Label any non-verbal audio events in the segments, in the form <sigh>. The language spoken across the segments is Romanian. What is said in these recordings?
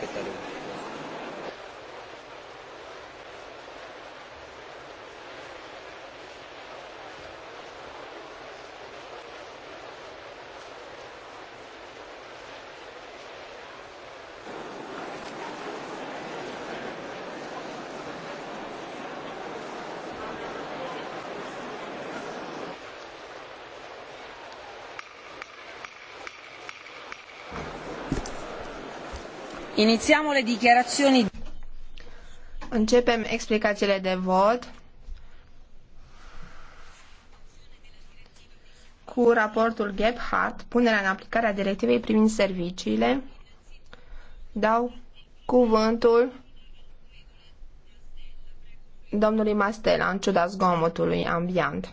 respectarea Iniziamo le dichiarazioni. Începem explicațiile de vot cu raportul Gebhardt, punerea în aplicare a directivei privind serviciile. Dau cuvântul domnului Mastela, în ciuda zgomotului ambient.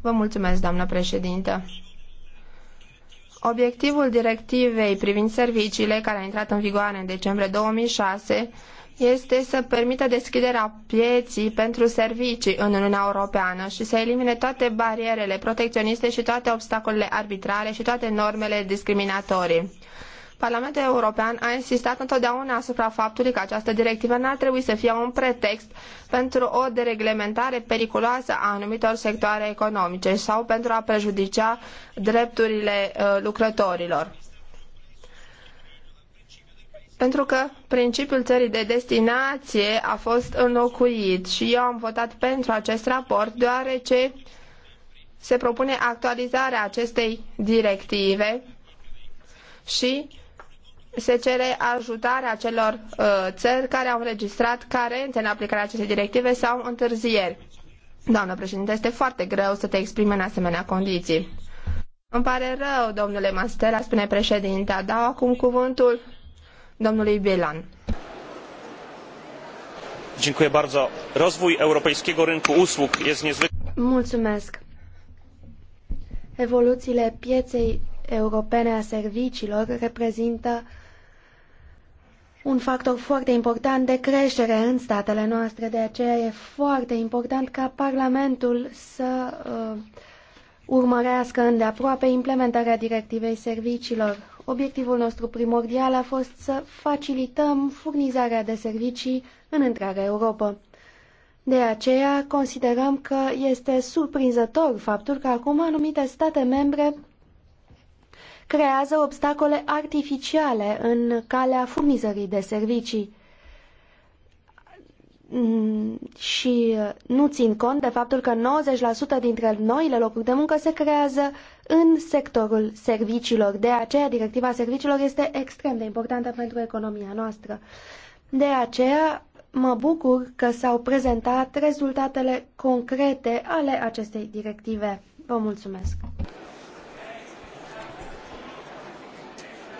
Vă mulțumesc, doamnă președintă. Obiectivul directivei privind serviciile, care a intrat în vigoare în decembrie 2006, este să permită deschiderea pieții pentru servicii în Uniunea Europeană și să elimine toate barierele protecționiste și toate obstacolele arbitrare și toate normele discriminatorii. Parlamentul European a insistat întotdeauna asupra faptului că această directivă n-ar trebui să fie un pretext pentru o dereglementare periculoasă a anumitor sectoare economice sau pentru a prejudicia drepturile uh, lucrătorilor. Pentru că principiul țării de destinație a fost înlocuit și eu am votat pentru acest raport deoarece se propune actualizarea acestei directive și se cere ajutarea celor uh, țări care au înregistrat carențe în aplicarea acestei directive sau întârzieri. Doamnă președinte, este foarte greu să te exprimi în asemenea condiții. Îmi pare rău, domnule Mastera, spune președinta. Dau acum cuvântul domnului Bilan. Dziękuję bardzo. Rozwój europejskiego rynku usług jest niezwykle... Mulțumesc. Evoluțiile pieței europene a serviciilor reprezintă un factor foarte important de creștere în statele noastre. De aceea e foarte important ca Parlamentul să uh, urmărească îndeaproape implementarea directivei serviciilor. Obiectivul nostru primordial a fost să facilităm furnizarea de servicii în întreaga Europa. De aceea considerăm că este surprinzător faptul că acum anumite state membre creează obstacole artificiale în calea furnizării de servicii mm, și uh, nu țin cont de faptul că 90% dintre noile locuri de muncă se creează în sectorul serviciilor. De aceea, directiva serviciilor este extrem de importantă pentru economia noastră. De aceea, mă bucur că s-au prezentat rezultatele concrete ale acestei directive. Vă mulțumesc!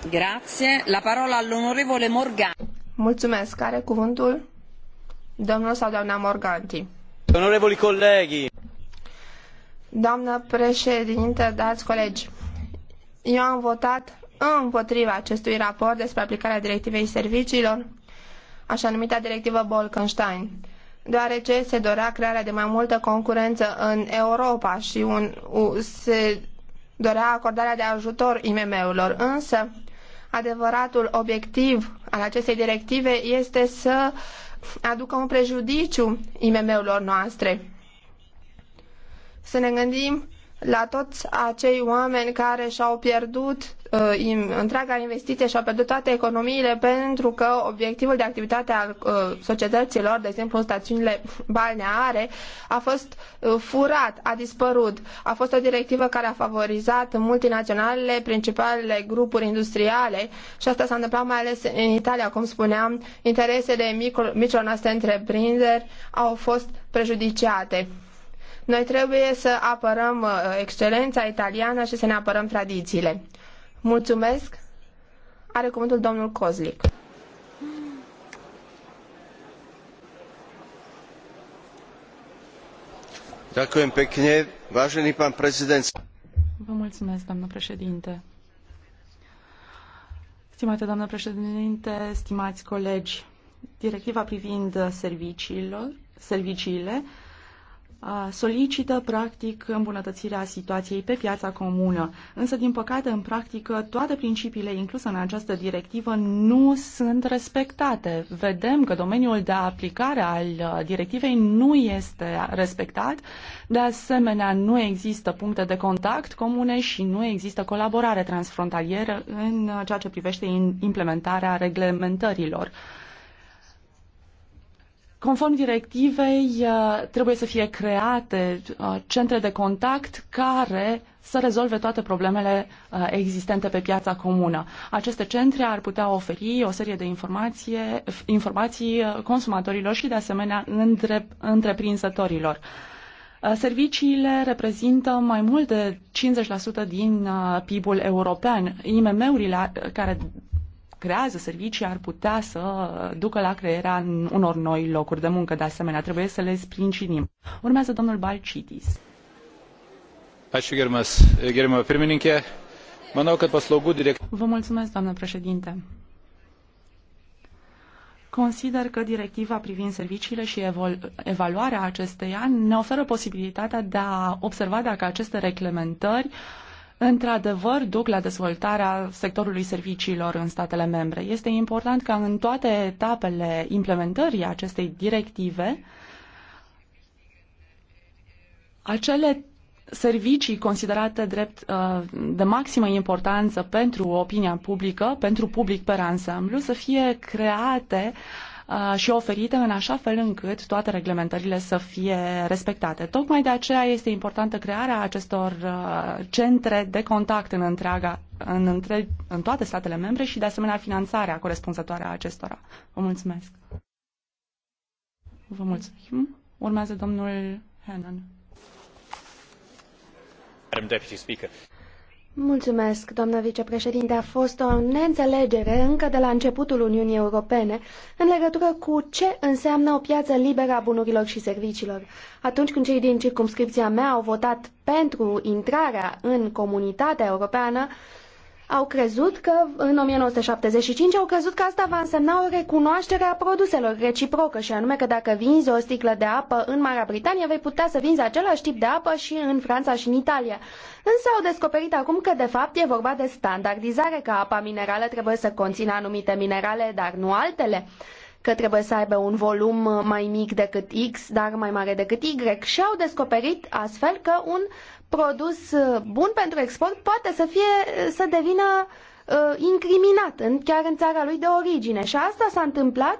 Grazie. La parola all'onorevole Morgan. Mulțumesc. care cuvântul domnul sau doamna Morganti. Onorevoli colleghi. Doamnă președinte, dați colegi, eu am votat împotriva acestui raport despre aplicarea directivei serviciilor, așa numita directivă Bolkenstein, deoarece se dorea crearea de mai multă concurență în Europa și un, se dorea acordarea de ajutor IMM-urilor, însă adevăratul obiectiv al acestei directive este să aducă un prejudiciu IMM-urilor noastre. Să ne gândim la toți acei oameni care și-au pierdut Uh, întreaga investiție și au pierdut toate economiile pentru că obiectivul de activitate al uh, societăților, de exemplu în stațiunile balneare, a fost uh, furat, a dispărut. A fost o directivă care a favorizat multinaționalele, principalele grupuri industriale și asta s-a întâmplat mai ales în Italia, cum spuneam, interesele micilor noastre întreprinderi au fost prejudiciate. Noi trebuie să apărăm excelența italiană și să ne apărăm tradițiile. Mulțumesc. Are cuvântul domnul Cozlic. Ďakujem pekne. Vážený pán prezident. Vă mulțumesc, doamnă președinte. Stimate doamnă președinte, stimați colegi, directiva privind serviciilor, serviciile solicită practic îmbunătățirea situației pe piața comună. Însă, din păcate, în practică, toate principiile incluse în această directivă nu sunt respectate. Vedem că domeniul de aplicare al directivei nu este respectat, de asemenea nu există puncte de contact comune și nu există colaborare transfrontalieră în ceea ce privește implementarea reglementărilor. Conform directivei, uh, trebuie să fie create uh, centre de contact care să rezolve toate problemele uh, existente pe piața comună. Aceste centre ar putea oferi o serie de informație, informații consumatorilor și, de asemenea, între, întreprinzătorilor. Serviciile reprezintă mai mult de 50% din PIB-ul european. IMM-urile care creează servicii ar putea să ducă la crearea unor noi locuri de muncă. De asemenea, trebuie să le sprijinim. Urmează domnul Balcitis. Ačiū gerbiamas, gerbiamą pirmininkę. Manau, kad paslaugų direct... Vă mulțumesc, doamnă președinte. Consider că directiva privind serviciile și evaluarea acesteia ne oferă posibilitatea de a observa dacă aceste reglementări uh, într-adevăr duc la dezvoltarea sectorului serviciilor în statele membre. Este important ca în toate etapele implementării acestei directive acele servicii considerate drept uh, de maximă importanță pentru opinia publică, pentru public pe ansamblu, să fie create uh, și oferite în așa fel încât toate reglementările să fie respectate. Tocmai de aceea este importantă crearea acestor centre de contact în întreaga în, între, în toate statele membre și de asemenea finanțarea corespunzătoare a acestora. Vă mulțumesc. Vă mulțumim. Urmează domnul Hannan. Madam Deputy Speaker. Mulțumesc, doamnă vicepreședinte. A fost o neînțelegere încă de la începutul Uniunii Europene în legătură cu ce înseamnă o piață liberă a bunurilor și serviciilor. Atunci când cei din circumscripția mea au votat pentru intrarea în comunitatea europeană, au crezut că, în 1975, au crezut că asta va însemna o recunoaștere a produselor reciprocă și anume că dacă vinzi o sticlă de apă în Marea Britanie, vei putea să vinzi același tip de apă și în Franța și în Italia. Însă au descoperit acum că, de fapt, e vorba de standardizare, că apa minerală trebuie să conțină anumite minerale, dar nu altele că trebuie să aibă un volum mai mic decât X, dar mai mare decât Y și au descoperit astfel că un produs uh, bun pentru export poate să, fie, să devină uh, incriminat în, chiar în țara lui de origine. Și asta s-a întâmplat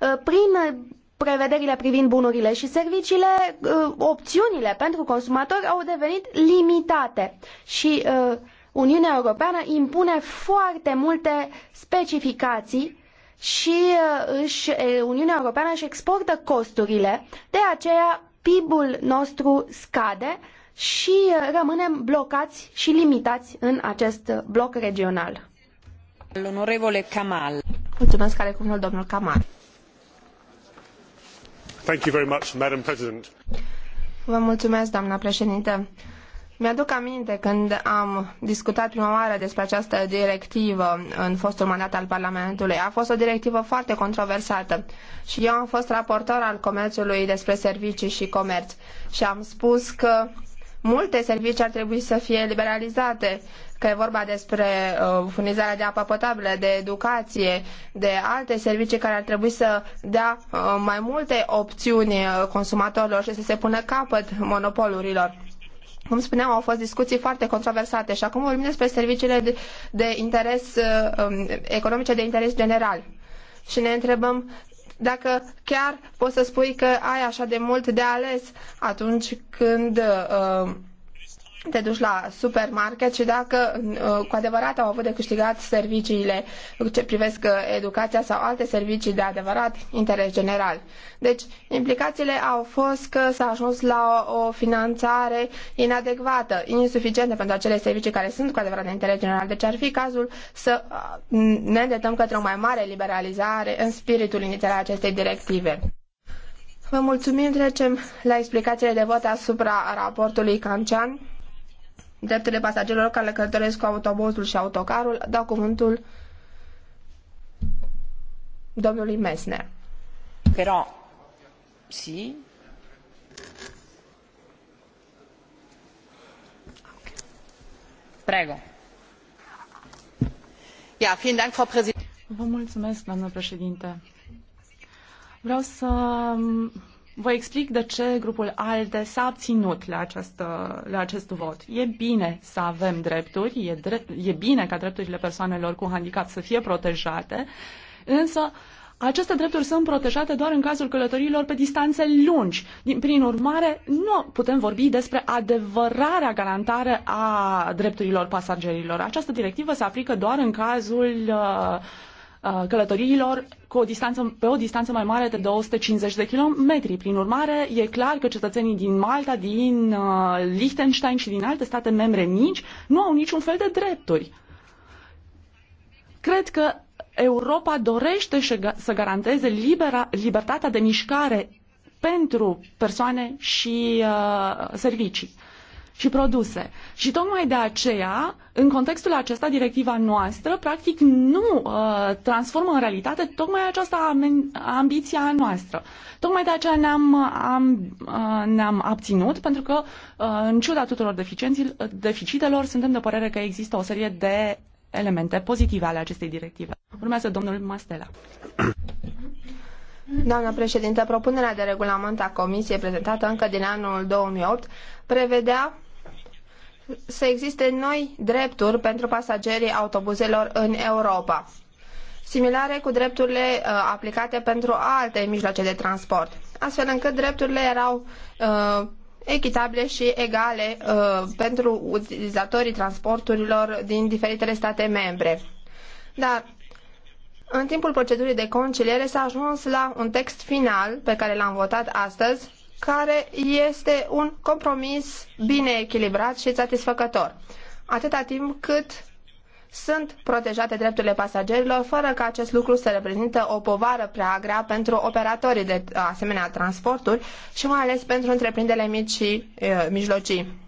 uh, prin prevederile privind bunurile și serviciile, uh, opțiunile pentru consumatori au devenit limitate și uh, Uniunea Europeană impune foarte multe specificații și uh, își, uh, Uniunea Europeană își exportă costurile, de aceea PIB-ul nostru scade și rămânem blocați și limitați în acest bloc regional. Onorevole Kamal. Mulțumesc, are cuvântul domnul Kamal. Thank you very much, Madam President. Vă mulțumesc, doamna președinte. Mi-aduc aminte când am discutat prima oară despre această directivă în fostul mandat al Parlamentului. A fost o directivă foarte controversată și eu am fost raportor al comerțului despre servicii și comerț și am spus că multe servicii ar trebui să fie liberalizate, că e vorba despre uh, furnizarea de apă potabilă, de educație, de alte servicii care ar trebui să dea uh, mai multe opțiuni uh, consumatorilor și să se pună capăt monopolurilor cum spuneam, au fost discuții foarte controversate și acum vorbim despre serviciile de, de interes uh, um, economice de interes general. Și ne întrebăm dacă chiar poți să spui că ai așa de mult de ales atunci când uh, te duci la supermarket și dacă uh, cu adevărat au avut de câștigat serviciile ce privesc uh, educația sau alte servicii de adevărat interes general. Deci, implicațiile au fost că s-a ajuns la o, o finanțare inadecvată, insuficientă pentru acele servicii care sunt cu adevărat de interes general. Deci ar fi cazul să uh, ne îndetăm către o mai mare liberalizare în spiritul inițial al acestei directive. Vă mulțumim, trecem la explicațiile de vot asupra raportului Cancian dreptele pasagerilor care călătoresc cu autobuzul și autocarul, dau cuvântul domnului Messner. Però, sì. Prego. Ja, vielen Dank, Frau Präsidentin. Vă mulțumesc, doamnă președinte. Vreau să Vă explic de ce grupul ALDE s-a abținut la, această, la acest vot. E bine să avem drepturi, e, drept, e bine ca drepturile persoanelor cu handicap să fie protejate, însă aceste drepturi sunt protejate doar în cazul călătorilor pe distanțe lungi. Din, prin urmare, nu putem vorbi despre adevărarea garantare a drepturilor pasagerilor. Această directivă se aplică doar în cazul uh, călătoriilor cu o distanță, pe o distanță mai mare de 250 de kilometri. Prin urmare, e clar că cetățenii din Malta, din uh, Liechtenstein și din alte state membre mici nu au niciun fel de drepturi. Cred că Europa dorește să garanteze libera, libertatea de mișcare pentru persoane și uh, servicii și produse. Și tocmai de aceea, în contextul acesta, directiva noastră, practic, nu uh, transformă în realitate tocmai această ambiție a noastră. Tocmai de aceea ne-am, am, uh, ne-am abținut, pentru că, uh, în ciuda tuturor deficitelor, suntem de părere că există o serie de elemente pozitive ale acestei directive. Urmează domnul Mastela. Doamna președinte, propunerea de regulament a Comisiei prezentată încă din anul 2008 prevedea să existe noi drepturi pentru pasagerii autobuzelor în Europa, similare cu drepturile uh, aplicate pentru alte mijloace de transport, astfel încât drepturile erau uh, echitabile și egale uh, pentru utilizatorii transporturilor din diferitele state membre. Dar în timpul procedurii de conciliere s-a ajuns la un text final pe care l-am votat astăzi care este un compromis bine echilibrat și satisfăcător, atâta timp cât sunt protejate drepturile pasagerilor, fără ca acest lucru să reprezintă o povară prea grea pentru operatorii de asemenea transporturi și mai ales pentru întreprinderile mici și e, mijlocii.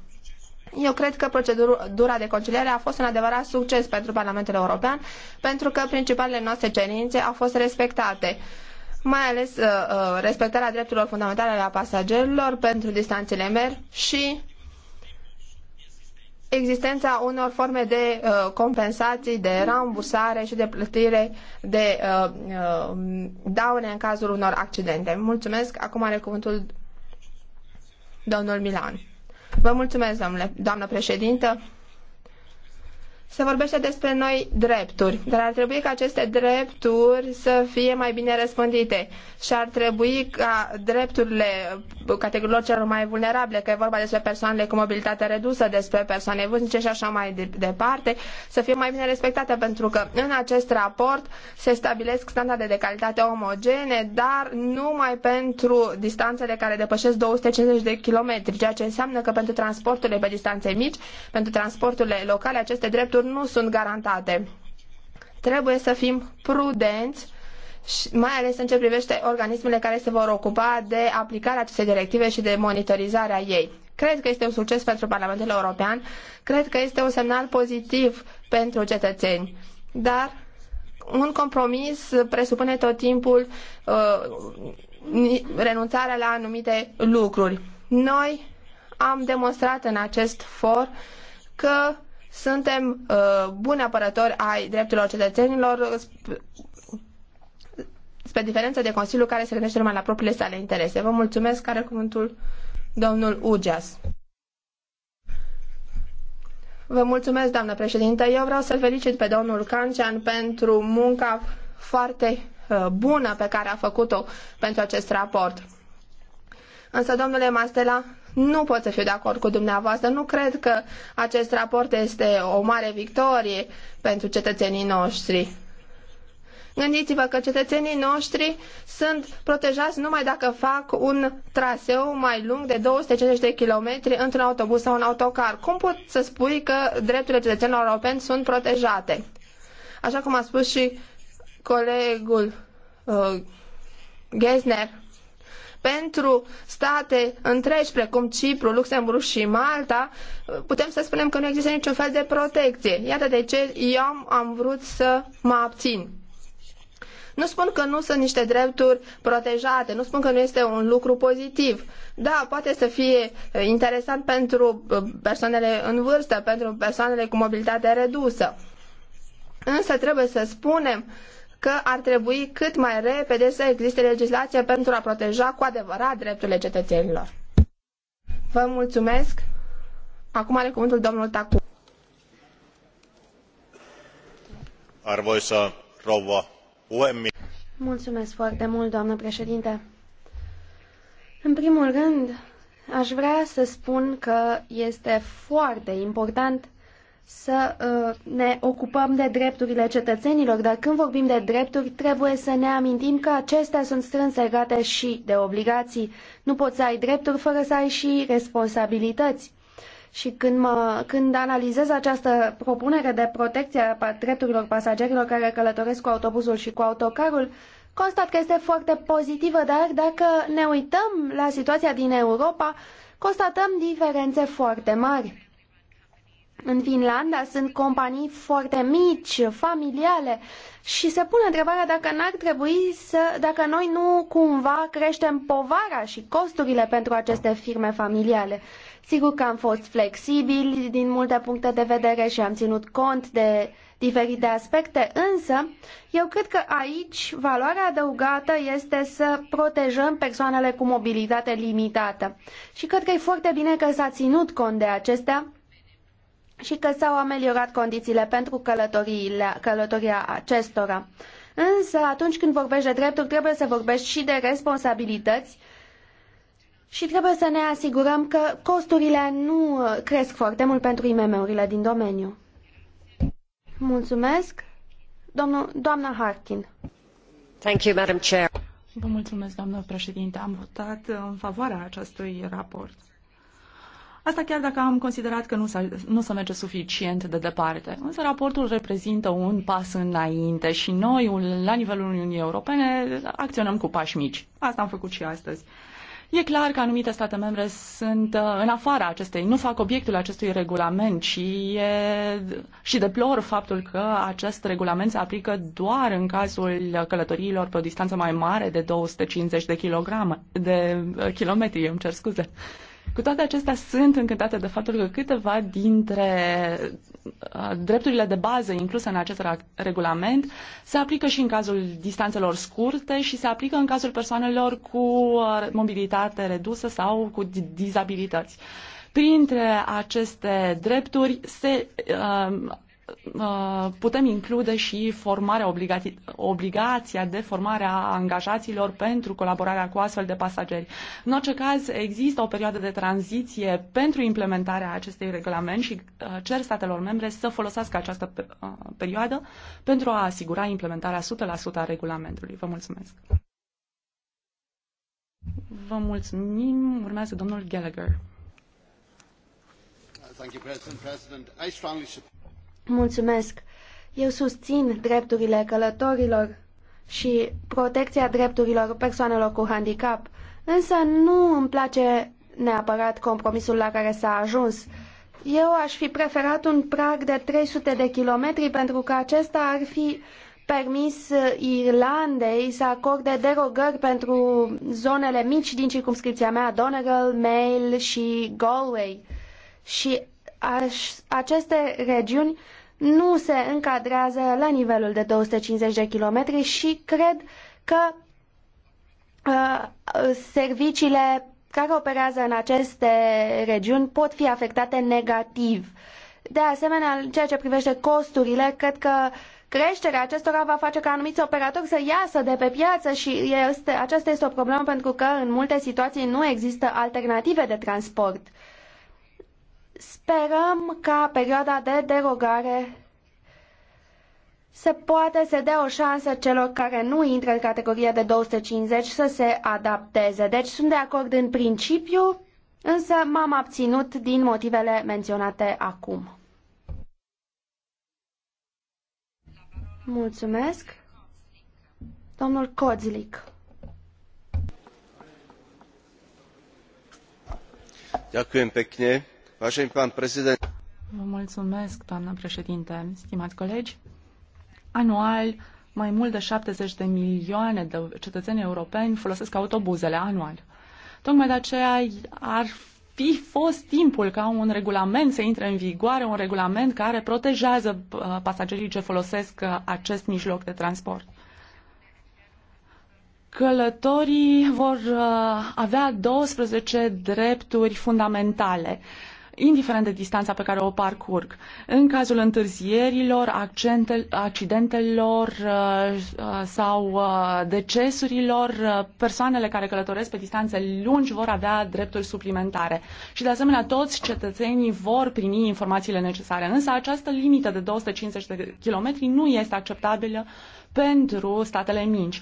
Eu cred că procedura de conciliere a fost un adevărat succes pentru Parlamentul European, pentru că principalele noastre cerințe au fost respectate. Uh, mai ales uh, uh, respectarea drepturilor fundamentale ale pasagerilor pentru distanțele mer și existența unor forme de uh, compensații, de rambursare și de plătire de uh, uh, daune în cazul unor accidente. Mulțumesc. Acum are cuvântul domnul Milan. Vă mulțumesc, domnule, doamnă președintă se vorbește despre noi drepturi, dar ar trebui ca aceste drepturi să fie mai bine răspândite și ar trebui ca drepturile categoriilor celor mai vulnerabile, că e vorba despre persoanele cu mobilitate redusă, despre persoane vârstnice și așa mai departe, să fie mai bine respectate, pentru că în acest raport se stabilesc standarde de calitate omogene, dar numai pentru distanțele care depășesc 250 de kilometri, ceea ce înseamnă că pentru transporturile pe distanțe mici, pentru transporturile locale, aceste drepturi drepturi nu sunt garantate. Trebuie să fim prudenți mai ales în ce privește organismele care se vor ocupa de aplicarea acestei directive și de monitorizarea ei. Cred că este un succes pentru Parlamentul European, cred că este un semnal pozitiv pentru cetățeni, dar un compromis presupune tot timpul uh, renunțarea la anumite lucruri. Noi am demonstrat în acest for că suntem uh, buni apărători ai drepturilor cetățenilor uh, spre diferență de Consiliu care se gândește numai la propriile sale interese. Vă mulțumesc, care cuvântul domnul Ugeas. Vă mulțumesc, doamnă președintă. Eu vreau să felicit pe domnul Cancian pentru munca foarte uh, bună pe care a făcut-o pentru acest raport. Însă, domnule Mastela, nu pot să fiu de acord cu dumneavoastră. Nu cred că acest raport este o mare victorie pentru cetățenii noștri. Gândiți-vă că cetățenii noștri sunt protejați numai dacă fac un traseu mai lung de 250 de kilometri într-un autobuz sau un autocar. Cum pot să spui că drepturile cetățenilor europeni sunt protejate? Așa cum a spus și colegul uh, Gesner, pentru state întregi, precum Cipru, Luxemburg și Malta, putem să spunem că nu există niciun fel de protecție. Iată de ce eu am vrut să mă abțin. Nu spun că nu sunt niște drepturi protejate, nu spun că nu este un lucru pozitiv. Da, poate să fie eh, interesant pentru eh, persoanele în vârstă, pentru persoanele cu mobilitate redusă. Însă trebuie să spunem că ar trebui cât mai repede să existe legislație pentru a proteja cu adevărat drepturile cetățenilor. Vă mulțumesc. Acum are cuvântul domnul Tacu. Arvoisa rouva puhemies. Mulțumesc foarte mult, doamnă președinte. În primul rând, aș vrea să spun că este foarte important să uh, ne ocupăm de drepturile cetățenilor, dar când vorbim de drepturi, trebuie să ne amintim că acestea sunt strâns legate și de obligații. Nu poți să ai drepturi fără să ai și responsabilități. Și când, mă, când analizez această propunere de protecție a drepturilor pasagerilor care călătoresc cu autobuzul și cu autocarul, constat că este foarte pozitivă, dar dacă ne uităm la situația din Europa, constatăm diferențe foarte mari în Finlanda sunt companii foarte mici, familiale și se pune întrebarea dacă n-ar trebui să, dacă noi nu cumva creștem povara și costurile pentru aceste firme familiale. Sigur că am fost flexibili din multe puncte de vedere și am ținut cont de diferite aspecte, însă eu cred că aici valoarea adăugată este să protejăm persoanele cu mobilitate limitată. Și cred că e foarte bine că s-a ținut cont de acestea și că s-au ameliorat condițiile pentru călătoria acestora. Însă, atunci când vorbești de drepturi, trebuie să vorbești și de responsabilități și trebuie să ne asigurăm că costurile nu cresc foarte mult pentru IMM-urile din domeniu. Mulțumesc. Domnul, doamna Harkin. Thank you, Madam Chair. Vă mulțumesc, doamnă președinte. Am votat în favoarea acestui raport. Asta chiar dacă am considerat că nu, s-a, nu se merge suficient de departe. Însă raportul reprezintă un pas înainte și noi, la nivelul Uniunii Europene, acționăm cu pași mici. Asta am făcut și astăzi. E clar că anumite state membre sunt uh, în afara acestei, nu fac obiectul acestui regulament și, e, și deplor faptul că acest regulament se aplică doar în cazul călătoriilor pe o distanță mai mare de 250 de, kilograme, de uh, kilometri, îmi cer scuze. Uh, cu toate acestea, sunt încântată de faptul că câteva dintre uh, drepturile de bază incluse în acest regulament se aplică și în cazul distanțelor scurte și se aplică în cazul persoanelor cu uh, mobilitate redusă sau cu dizabilități. Printre aceste drepturi se uh, Uh, putem include și formarea obligația de formare a angajaților pentru colaborarea cu astfel de pasageri. În orice caz, există o perioadă de tranziție pentru implementarea acestui regulament și uh, cer statelor membre să folosească această uh, perioadă pentru a asigura implementarea 100% a regulamentului. Vă mulțumesc! Vă mulțumim. Urmează domnul Gallagher. Thank you, President. President, I strongly support Mulțumesc. Eu susțin drepturile călătorilor și protecția drepturilor persoanelor cu handicap, însă nu îmi place neapărat compromisul la care s-a ajuns. Eu aș fi preferat un prag de 300 de kilometri pentru că acesta ar fi permis Irlandei să acorde derogări pentru zonele mici din circumscripția mea, Donegal, Mail și Galway. Și aș, aceste regiuni nu se încadrează la nivelul de 250 de kilometri și cred că uh, serviciile care operează în aceste regiuni pot fi afectate negativ. De asemenea, în ceea ce privește costurile, cred că creșterea acestora va face ca anumiți operatori să iasă de pe piață și este, aceasta este o problemă pentru că în multe situații nu există alternative de transport. Uh, Sperăm ca perioada de derogare să poate să dea o șansă celor care nu intră în categoria de 250 să se adapteze. Deci sunt de acord în principiu, însă m-am abținut din motivele menționate acum. Mulțumesc. Domnul Kozlik. Ďakujem pekne Vă mulțumesc, președinte, colegi. Anual, mai mult de 70 de milioane de cetățeni europeni folosesc autobuzele anual. Tocmai de aceea ar fi fost timpul ca un regulament să intre în vigoare, un regulament care protejează uh, pasagerii ce folosesc uh, acest mijloc de transport. Călătorii vor uh, avea 12 drepturi fundamentale indiferent de distanța pe care o parcurg. În cazul întârzierilor, accidentelor uh, uh, sau uh, decesurilor, persoanele care călătoresc pe distanțe lungi vor avea drepturi suplimentare. Și de asemenea, toți cetățenii vor primi informațiile necesare. Însă această limită de 250 de kilometri nu este acceptabilă pentru statele mici.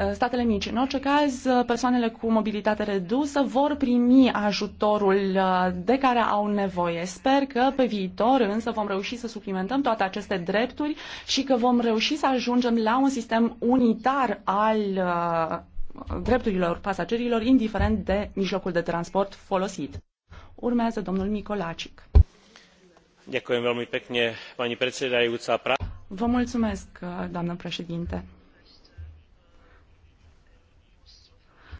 Eh, statele mici. În orice caz, eh, persoanele cu mobilitate redusă vor primi ajutorul eh, de care au nevoie. Sper că pe viitor însă vom reuși să suplimentăm toate aceste drepturi și că vom reuși să ajungem la un sistem unitar al drepturilor pasagerilor, indiferent de mijlocul de transport folosit. Urmează domnul Micolacic. Vă mulțumesc, doamnă președinte.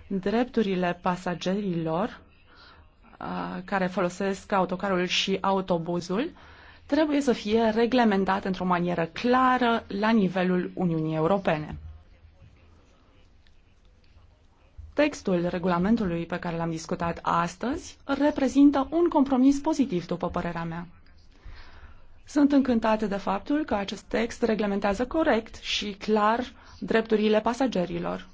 drepturile pasagerilor care folosesc autocarul și autobuzul trebuie să fie reglementat într-o manieră clară la nivelul Uniunii Europene. Textul regulamentului pe care l-am discutat astăzi reprezintă un compromis pozitiv, după părerea mea. Sunt încântată de faptul că acest text reglementează corect și clar drepturile pasagerilor.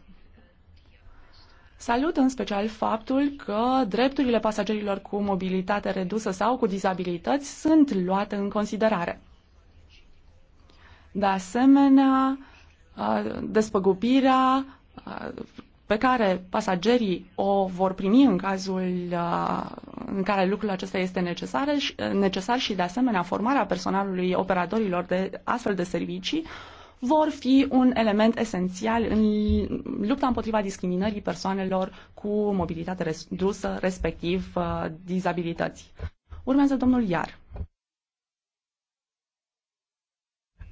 Salut în special faptul că drepturile pasagerilor cu mobilitate redusă sau cu dizabilități sunt luate în considerare. De asemenea, despăgubirea pe care pasagerii o vor primi în cazul în care lucrul acesta este necesar, necesar și, de asemenea, formarea personalului operatorilor de astfel de servicii vor fi un element esențial în lupta împotriva discriminării persoanelor cu mobilitate redusă, respectiv uh, dizabilități. Urmează domnul Iar.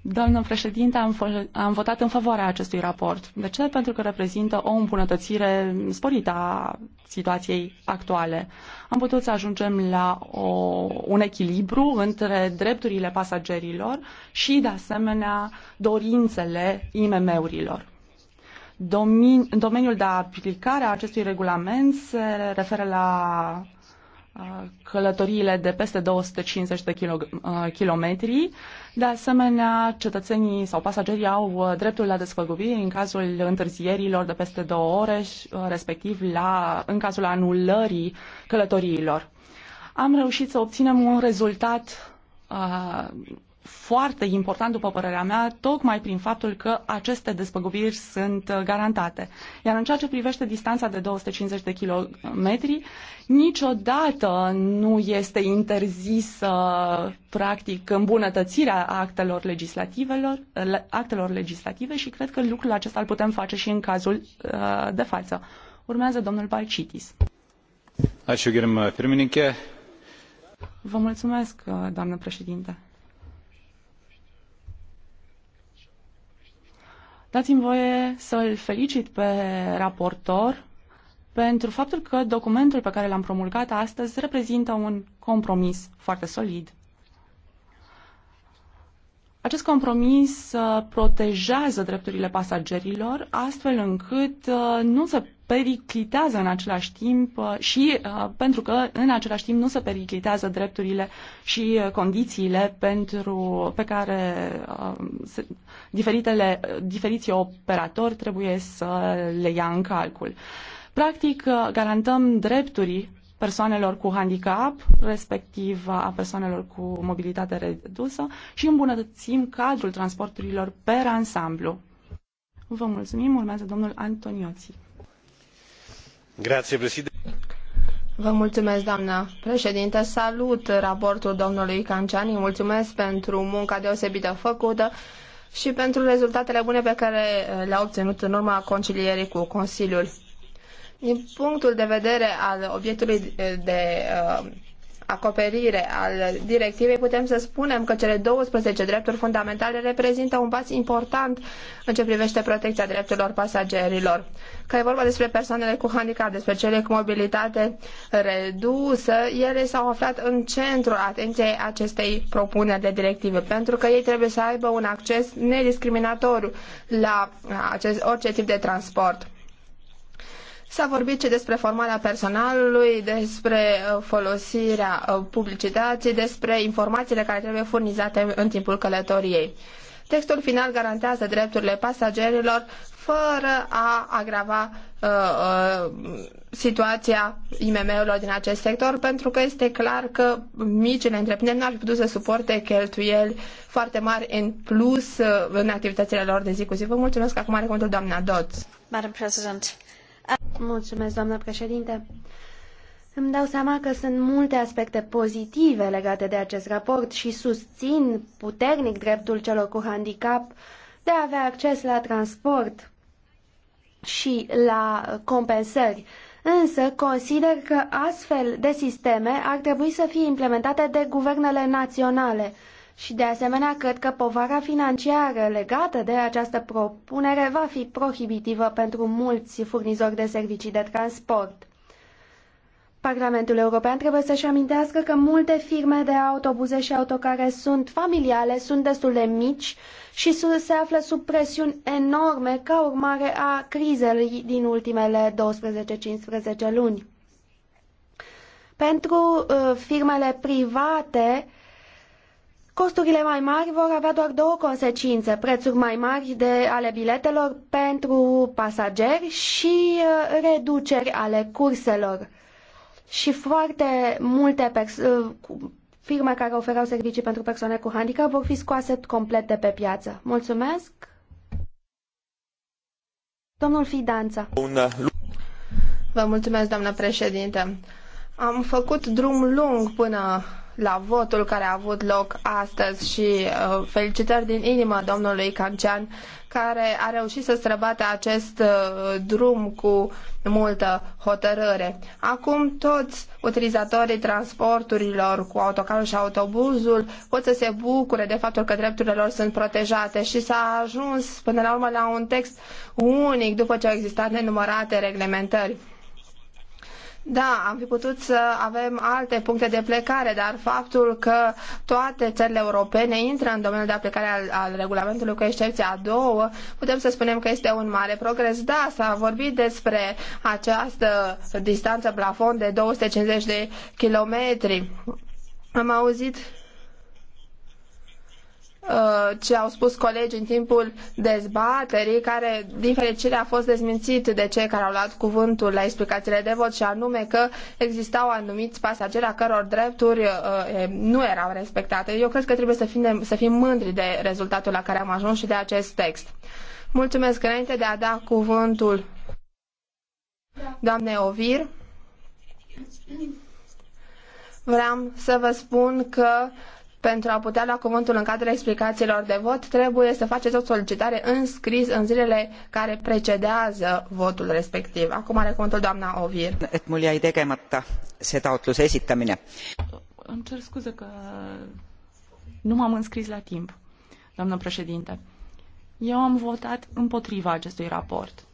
Doamnă președinte, am, am votat în favoarea acestui raport. De ce? Pentru că reprezintă o îmbunătățire sporită a situației actuale. Am putut să ajungem la o, un echilibru între drepturile pasagerilor și, de asemenea, dorințele IMM-urilor. Domeniul de aplicare a acestui regulament se referă la călătoriile de peste 250 de kilometri. De asemenea, cetățenii sau pasagerii au dreptul la despăgubire în cazul întârzierilor de peste două ore, respectiv la, în cazul anulării călătoriilor. Am reușit să obținem un rezultat foarte important, după părerea mea, tocmai prin faptul că aceste despăgubiri sunt uh, garantate. Iar în ceea ce privește distanța de 250 de kilometri, niciodată nu este interzisă, practic, îmbunătățirea actelor, legislativelor, actelor legislative și cred că lucrul acesta îl putem face și în cazul uh, de față. Urmează domnul Balcitis. Vă mulțumesc, uh, doamnă președinte. Dați-mi voie să îl felicit pe raportor pentru faptul că documentul pe care l-am promulgat astăzi reprezintă un compromis foarte solid. Acest compromis uh, protejează drepturile pasagerilor astfel încât uh, nu se periclitează în același timp uh, și uh, pentru că în același timp nu se periclitează drepturile și uh, condițiile pentru, pe care diferitele, diferiții operatori trebuie să le ia în calcul. Practic, garantăm drepturi persoanelor cu handicap, respectiv a persoanelor cu mobilitate redusă și îmbunătățim cadrul transporturilor per ansamblu. Vă mulțumim, urmează domnul Antonioții. Vă mulțumesc, președinte. Salut raportul domnului Canciani. Mulțumesc pentru munca deosebită făcută și pentru rezultatele bune pe care eh, le-a obținut în urma concilierii cu Consiliul. Din punctul de vedere al obiectului eh, de uh, acoperire al directivei, putem să spunem că cele 12 drepturi fundamentale reprezintă un pas important în ce privește protecția drepturilor pasagerilor. Că e vorba despre persoanele cu handicap, despre cele cu mobilitate redusă, ele s-au aflat în centrul atenției acestei propuneri de directive, pentru că ei trebuie să aibă un acces nediscriminatoriu la acest, orice tip de transport. S-a vorbit și despre formarea personalului, despre uh, folosirea uh, publicității, despre informațiile care trebuie furnizate în timpul călătoriei. Textul final garantează drepturile pasagerilor fără a agrava uh, uh, situația IMM-urilor din acest sector, pentru că este clar că micile întreprinderi nu ar fi putut să suporte cheltuieli foarte mari în plus uh, în activitățile lor de zi cu zi. Vă mulțumesc. Acum are cuvântul doamna Dodds. Madam President. Îmi dau seama că sunt multe aspecte pozitive legate de acest raport și susțin puternic dreptul celor cu handicap de a avea acces la transport și la compensări. Însă consider că astfel de sisteme ar trebui să fie implementate de guvernele naționale și de asemenea, cred că povara financiară legată de această propunere va fi prohibitivă pentru mulți furnizori de servicii de transport. Parlamentul European trebuie să-și amintească că multe firme de autobuze și autocare sunt familiale, sunt destul de mici și se află sub presiuni enorme ca urmare a crizei din ultimele 12-15 luni. Pentru uh, firmele private, Costurile mai mari vor avea doar două consecințe, prețuri mai mari de, ale biletelor pentru pasageri și uh, reduceri ale curselor. Și foarte multe uh, firme care oferau servicii pentru persoane cu handicap vor fi scoase complet de pe piață. Mulțumesc! Domnul Fidanța. Vă mulțumesc, doamnă președinte. Am făcut drum lung până la votul care a avut loc astăzi și uh, felicitări din inimă domnului Cancean care a reușit să străbate acest uh, drum cu multă hotărâre. Acum toți utilizatorii transporturilor cu autocarul și autobuzul pot să se bucure de faptul că drepturile lor sunt protejate și s-a ajuns până la urmă la un text unic după ce au existat nenumărate reglementări. Da, am fi putut să avem alte puncte de plecare, dar faptul că toate țările europene intră în domeniul de aplicare al, al regulamentului, cu excepția a două, putem să spunem că este un mare progres. Da, s-a vorbit despre această distanță plafon de 250 de kilometri. Am auzit Uh, ce au spus colegii în timpul dezbaterii, care, din fericire, a fost dezmințit de cei care au luat cuvântul la explicațiile de vot, și anume că existau anumiți pasageri a căror drepturi uh, nu erau respectate. Eu cred că trebuie să fim, să fim mândri de rezultatul la care am ajuns și de acest text. Mulțumesc înainte de a da cuvântul doamnei Ovir. Vreau să vă spun că pentru a putea lua cuvântul în cadrul explicațiilor de vot, trebuie să faceți o solicitare în scris în zilele care precedează votul respectiv. Acum are cuvântul doamna Ovir. Et mul jäi tegemata see taotluse esitamine. Îmi cer scuze că nu m-am înscris la timp, doamnă președinte. Eu am votat împotriva acestui raport.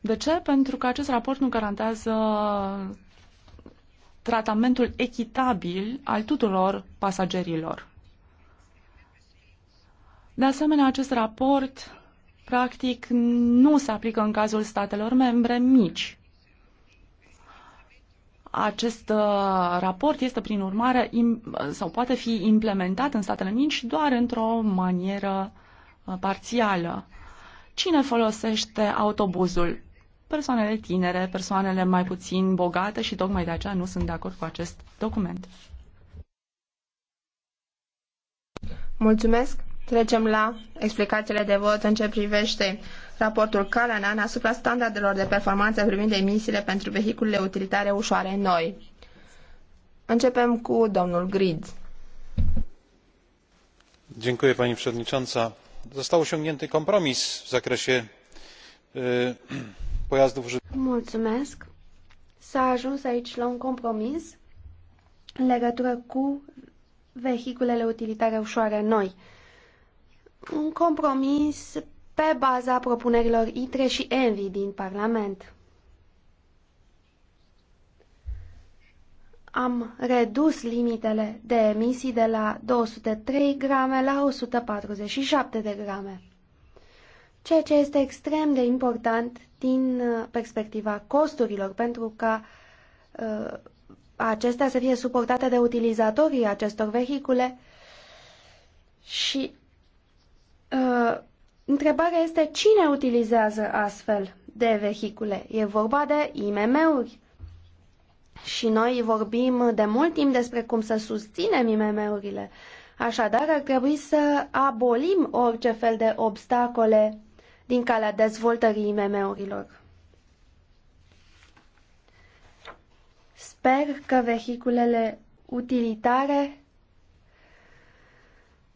De ce? Pentru că acest raport nu garantează tratamentul echitabil al tuturor pasagerilor. De asemenea, acest raport practic nu se aplică în cazul statelor membre mici. Acest uh, raport este, prin urmare, sau poate fi implementat în statele mici doar într-o manieră uh, parțială. Cine folosește autobuzul? persoanele tinere, persoanele mai puțin bogate și tocmai de aceea nu sunt de acord cu acest document. Mulțumesc! Trecem la explicațiile de vot în ce privește raportul Calanan asupra standardelor de performanță privind emisiile pentru vehiculele utilitare ușoare noi. Începem cu domnul Grid. Dziękuję pani przewodnicząca. Został osiągnięty kompromis w zakresie y, pojazdów użytkowych. Mulțumesc. S-a ajuns aici la un compromis în legătură cu vehiculele utilitare ușoare noi. Un compromis pe baza propunerilor ITRE și ENVI din Parlament. Am redus limitele de emisii de la 203 grame la 147 de grame ceea ce este extrem de important din uh, perspectiva costurilor, pentru ca uh, acestea să fie suportate de utilizatorii acestor vehicule și uh, întrebarea este cine utilizează astfel de vehicule. E vorba de IMM-uri. Și noi vorbim de mult timp despre cum să susținem IMM-urile. Așadar, ar trebui să abolim orice fel de obstacole din calea dezvoltării IMM-urilor. Sper că vehiculele utilitare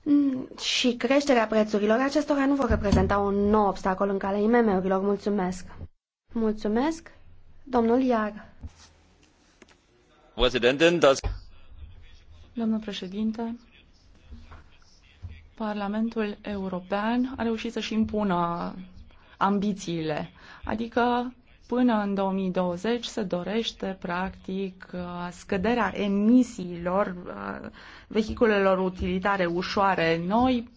mm, și creșterea prețurilor acestora nu vor reprezenta un nou obstacol în calea IMM-urilor. Mulțumesc! Mulțumesc, domnul Iar. Domnul președinte, Parlamentul European a reușit să-și impună ambițiile, adică până în 2020 se dorește practic uh, scăderea emisiilor uh, vehiculelor utilitare ușoare noi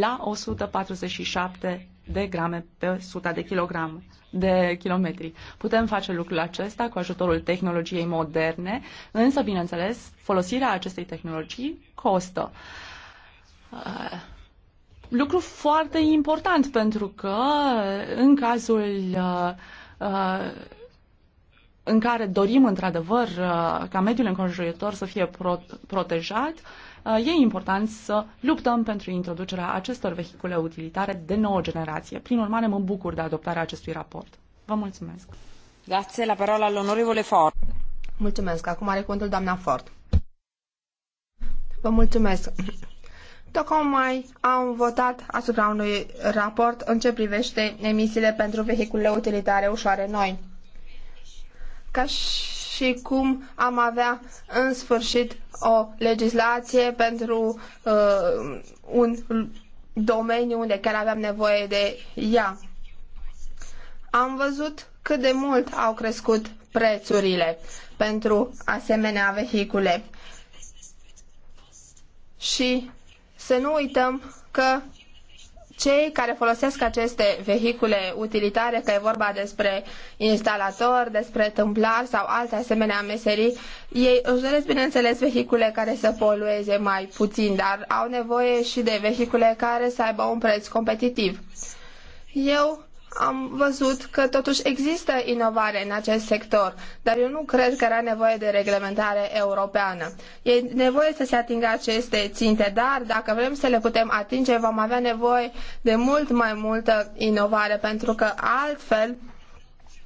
la 147 de grame pe 100 de kilograme de kilometri. Putem face lucrul acesta cu ajutorul tehnologiei moderne, însă, bineînțeles, folosirea acestei tehnologii costă. Uh, Uh, lucru foarte important pentru că în cazul uh, uh, în care dorim într-adevăr ca mediul înconjurător să fie pro- protejat, e important să luptăm pentru introducerea acestor vehicule utilitare de nouă generație. Prin urmare, mă bucur de adoptarea acestui raport. Vă mulțumesc. Grazie, la parola all'onorevole Ford. Mulțumesc. Acum are cuvântul doamna Ford. Vă mulțumesc. Tocmai am votat asupra unui raport în ce privește emisiile pentru vehiculele utilitare ușoare noi. Ca și cum am avea în sfârșit o legislație pentru uh, un domeniu unde chiar aveam nevoie de ea. Am văzut cât de mult au crescut prețurile pentru asemenea vehicule. Și să nu uităm că cei care folosesc aceste vehicule utilitare, că e vorba despre instalatori, despre tâmplar sau alte asemenea meserii, ei își doresc, bineînțeles, vehicule care să polueze mai puțin, dar au nevoie și de vehicule care să aibă un preț competitiv. Eu am văzut că totuși există inovare în acest sector, dar eu nu cred că era nevoie de reglementare europeană. E nevoie să se atingă aceste ținte, dar dacă vrem să le putem atinge, vom avea nevoie de mult mai multă inovare, pentru că altfel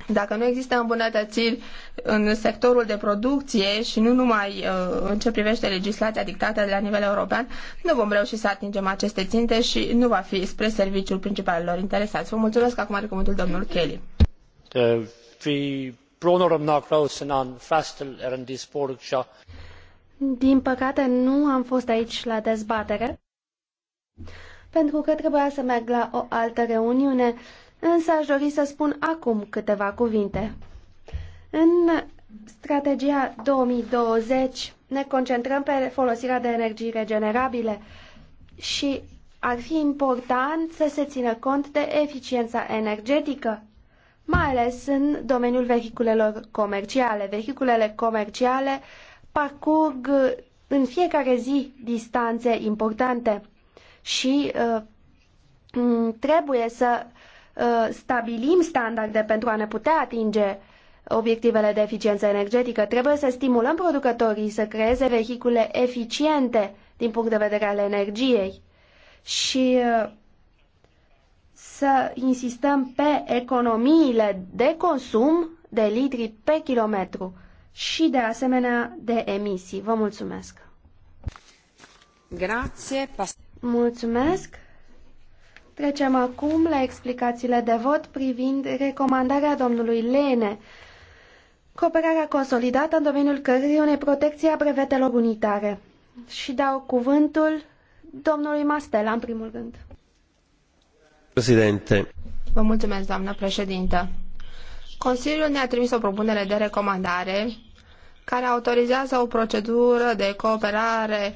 dacă nu există îmbunătățiri în sectorul de producție și nu numai uh, în ce privește legislația dictată de la nivel european, nu vom reuși să atingem aceste ținte și nu va fi spre serviciul principalilor interesați. Vă mulțumesc acum de cuvântul domnul Kelly. Uh, Din păcate nu am fost aici la dezbatere pentru că trebuia să merg la o altă reuniune însă aș dori să spun acum câteva cuvinte. În strategia 2020 ne concentrăm pe folosirea de energii regenerabile și ar fi important să se țină cont de eficiența energetică, mai ales în domeniul vehiculelor comerciale. Vehiculele comerciale parcurg în fiecare zi distanțe importante și uh, trebuie să Uh, stabilim standarde pentru a ne putea atinge obiectivele de eficiență energetică. Trebuie să stimulăm producătorii să creeze vehicule eficiente din punct de vedere al energiei și uh, să insistăm pe economiile de consum de litri pe kilometru și de asemenea de emisii. Vă mulțumesc! Grazie. Mulțumesc! Trecem acum la explicațiile de vot privind recomandarea domnului Lene. Cooperarea consolidată în domeniul cărării unei protecții a brevetelor unitare. Și dau cuvântul domnului Mastela în primul rând. Președinte. Vă mulțumesc, doamnă președintă. Consiliul ne-a trimis o propunere de recomandare care autorizează o procedură de cooperare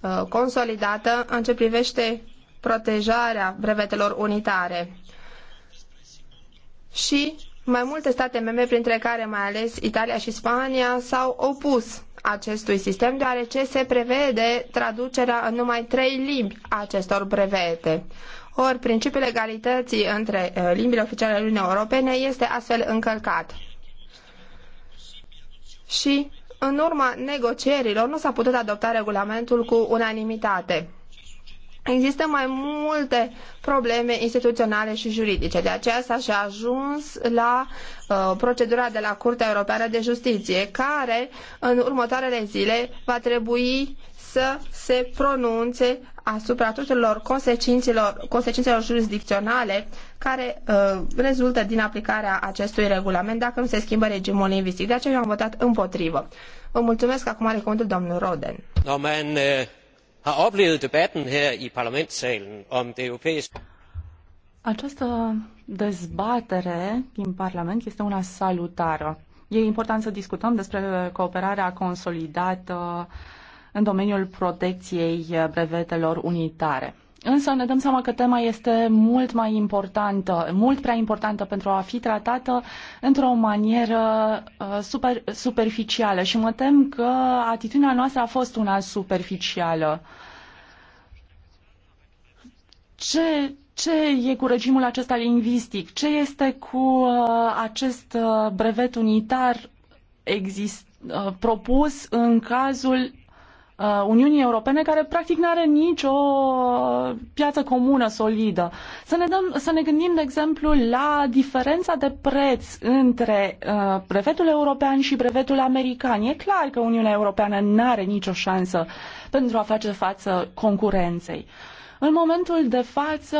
uh, consolidată în ce privește protejarea brevetelor unitare. Și mai multe state membre, printre care mai ales Italia și Spania, s-au opus acestui sistem, deoarece se prevede traducerea în numai trei limbi acestor brevete. Ori principiul egalității între uh, limbile oficiale ale Uniunii Europene este astfel încălcat. Și în urma negocierilor nu s-a putut adopta regulamentul cu unanimitate. Există mai multe probleme instituționale și juridice, de aceea s-a și ajuns la uh, procedura de la Curtea Europeană de Justiție, care în următoarele zile va trebui să se pronunțe asupra tuturor consecințelor, consecințelor jurisdicționale care uh, rezultă din aplicarea acestui regulament dacă nu se schimbă regimul lingvistic. De aceea eu am votat împotrivă. Vă mulțumesc, acum are cuvântul domnul Roden. Domnule har oplevet debatten her i parlamentssalen om det europæiske această dezbatere din Parlament este una salutară. E important să discutăm despre cooperarea consolidată în domeniul protecției brevetelor unitare. Însă ne dăm seama că tema este mult mai importantă, mult prea importantă pentru a fi tratată într-o manieră uh, super, superficială și mă tem că atitudinea noastră a fost una superficială. Ce, ce e cu regimul acesta lingvistic? Ce este cu uh, acest uh, brevet unitar exist, propus în cazul Uh, Uniunii Europene care practic nu are nicio uh, piață comună solidă. Să ne, dăm, să ne gândim, de exemplu, la diferența de preț între uh, brevetul european și brevetul american. E clar că Uniunea Europeană nu are nicio șansă pentru a face față concurenței. În momentul de față,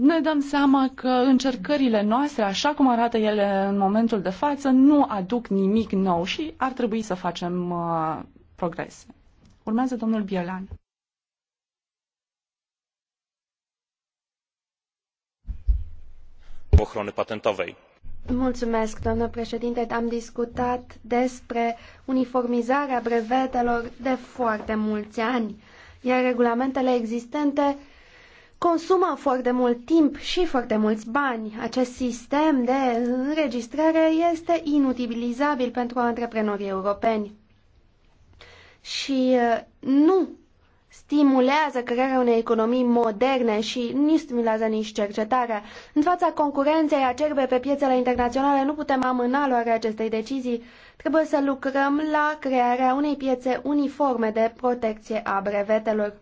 ne dăm seama că încercările noastre, așa cum arată ele în momentul de față, nu aduc nimic nou și ar trebui să facem uh, progrese. Urmează domnul Bielan. Ochrone patentovei. Mulțumesc, doamnă președinte. Am discutat despre uniformizarea brevetelor de foarte mulți ani, iar regulamentele existente consumă foarte mult timp și foarte mulți bani. Acest sistem de înregistrare este inutilizabil pentru antreprenorii europeni și uh, nu stimulează crearea unei economii moderne și nu stimulează nici cercetarea. În fața concurenței acerbe pe piețele internaționale nu putem amâna luarea acestei decizii. Trebuie să lucrăm la crearea unei piețe uniforme de protecție a brevetelor.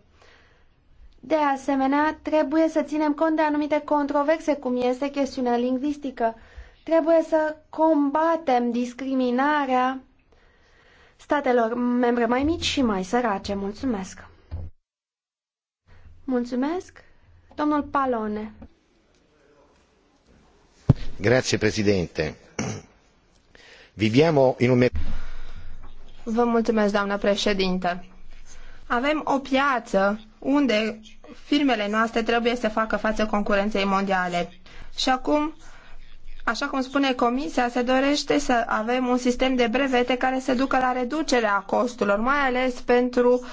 De asemenea, trebuie să ținem cont de anumite controverse, cum este chestiunea lingvistică. Trebuie să combatem discriminarea statelor membre mai mici și mai sărace. Mulțumesc! Mulțumesc! Domnul Palone. Grazie, Presidente. Viviamo in un... Vă mulțumesc, doamnă președintă. Avem o piață unde firmele noastre trebuie să facă față concurenței mondiale. Și acum, așa cum spune Comisia, se dorește să avem un sistem de brevete care să ducă la reducerea costurilor, mai ales pentru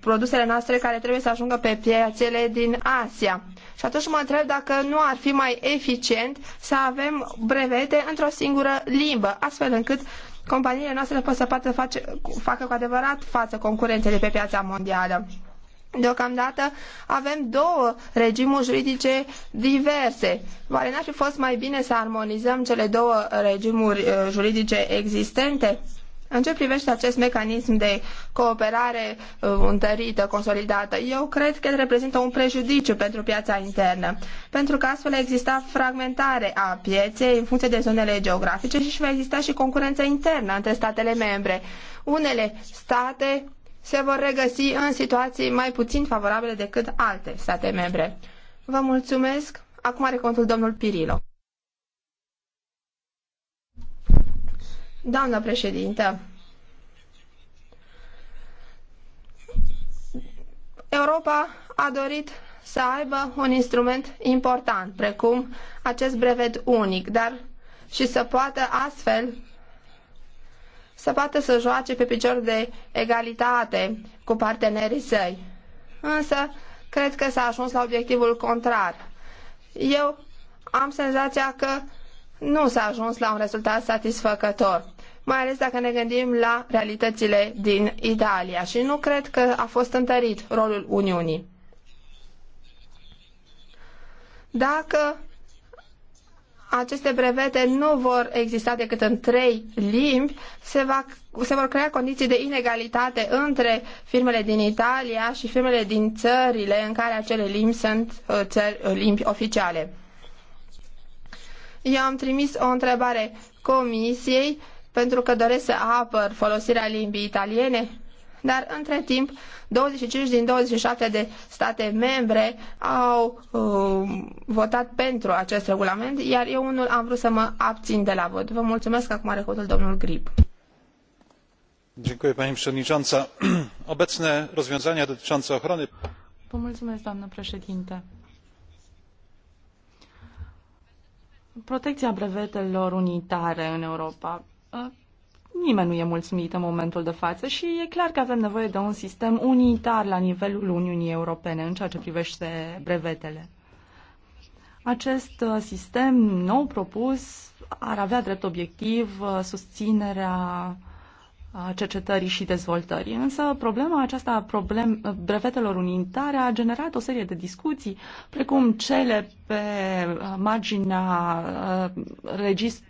produsele noastre care trebuie să ajungă pe piațele din Asia. Și atunci mă întreb dacă nu ar fi mai eficient să avem brevete într-o singură limbă, astfel încât companiile noastre pot să poată face, facă cu adevărat față concurenței de pe piața mondială. Deocamdată avem două regimuri juridice diverse. Oare n-ar fi fost mai bine să armonizăm cele două regimuri uh, juridice existente? În ce privește acest mecanism de cooperare uh, întărită, consolidată, eu cred că reprezintă un prejudiciu pentru piața internă, pentru că astfel exista fragmentare a pieței în funcție de zonele geografice și va exista și concurență internă între statele membre. Unele state se vor regăsi în situații mai puțin favorabile decât alte state membre. Vă mulțumesc. Acum are contul domnul Pirilo. Doamnă președintă, Europa a dorit să aibă un instrument important, precum acest brevet unic, dar și să poată astfel să poată să joace pe picior de egalitate cu partenerii săi. Însă, cred că s-a ajuns la obiectivul contrar. Eu am senzația că nu s-a ajuns la un rezultat satisfăcător, mai ales dacă ne gândim la realitățile din Italia și nu cred că a fost întărit rolul Uniunii. Dacă aceste brevete nu vor exista decât în trei limbi, se, va, se vor crea condiții de inegalitate între firmele din Italia și firmele din țările în care acele limbi sunt uh, țări, uh, limbi oficiale. Eu am trimis o întrebare comisiei pentru că doresc să apăr folosirea limbii italiene dar între timp 25 din 27 de state membre au uh, votat pentru acest regulament, iar eu unul am vrut să mă abțin de la vot. Vă mulțumesc, acum are cuvântul domnul Grip. Dziękuję Pani Przewodnicząca. <clears throat> Obecne rozwiązania dotyczące ochrony... Vă mulțumesc, doamnă președinte. Protecția brevetelor unitare în Europa Nimeni nu e mulțumit în momentul de față și e clar că avem nevoie de un sistem unitar la nivelul Uniunii Europene în ceea ce privește brevetele. Acest uh, sistem nou propus ar avea drept obiectiv uh, susținerea uh, cercetării și dezvoltării. Însă problema aceasta a problem, brevetelor unitare a generat o serie de discuții, precum cele pe marginea regist,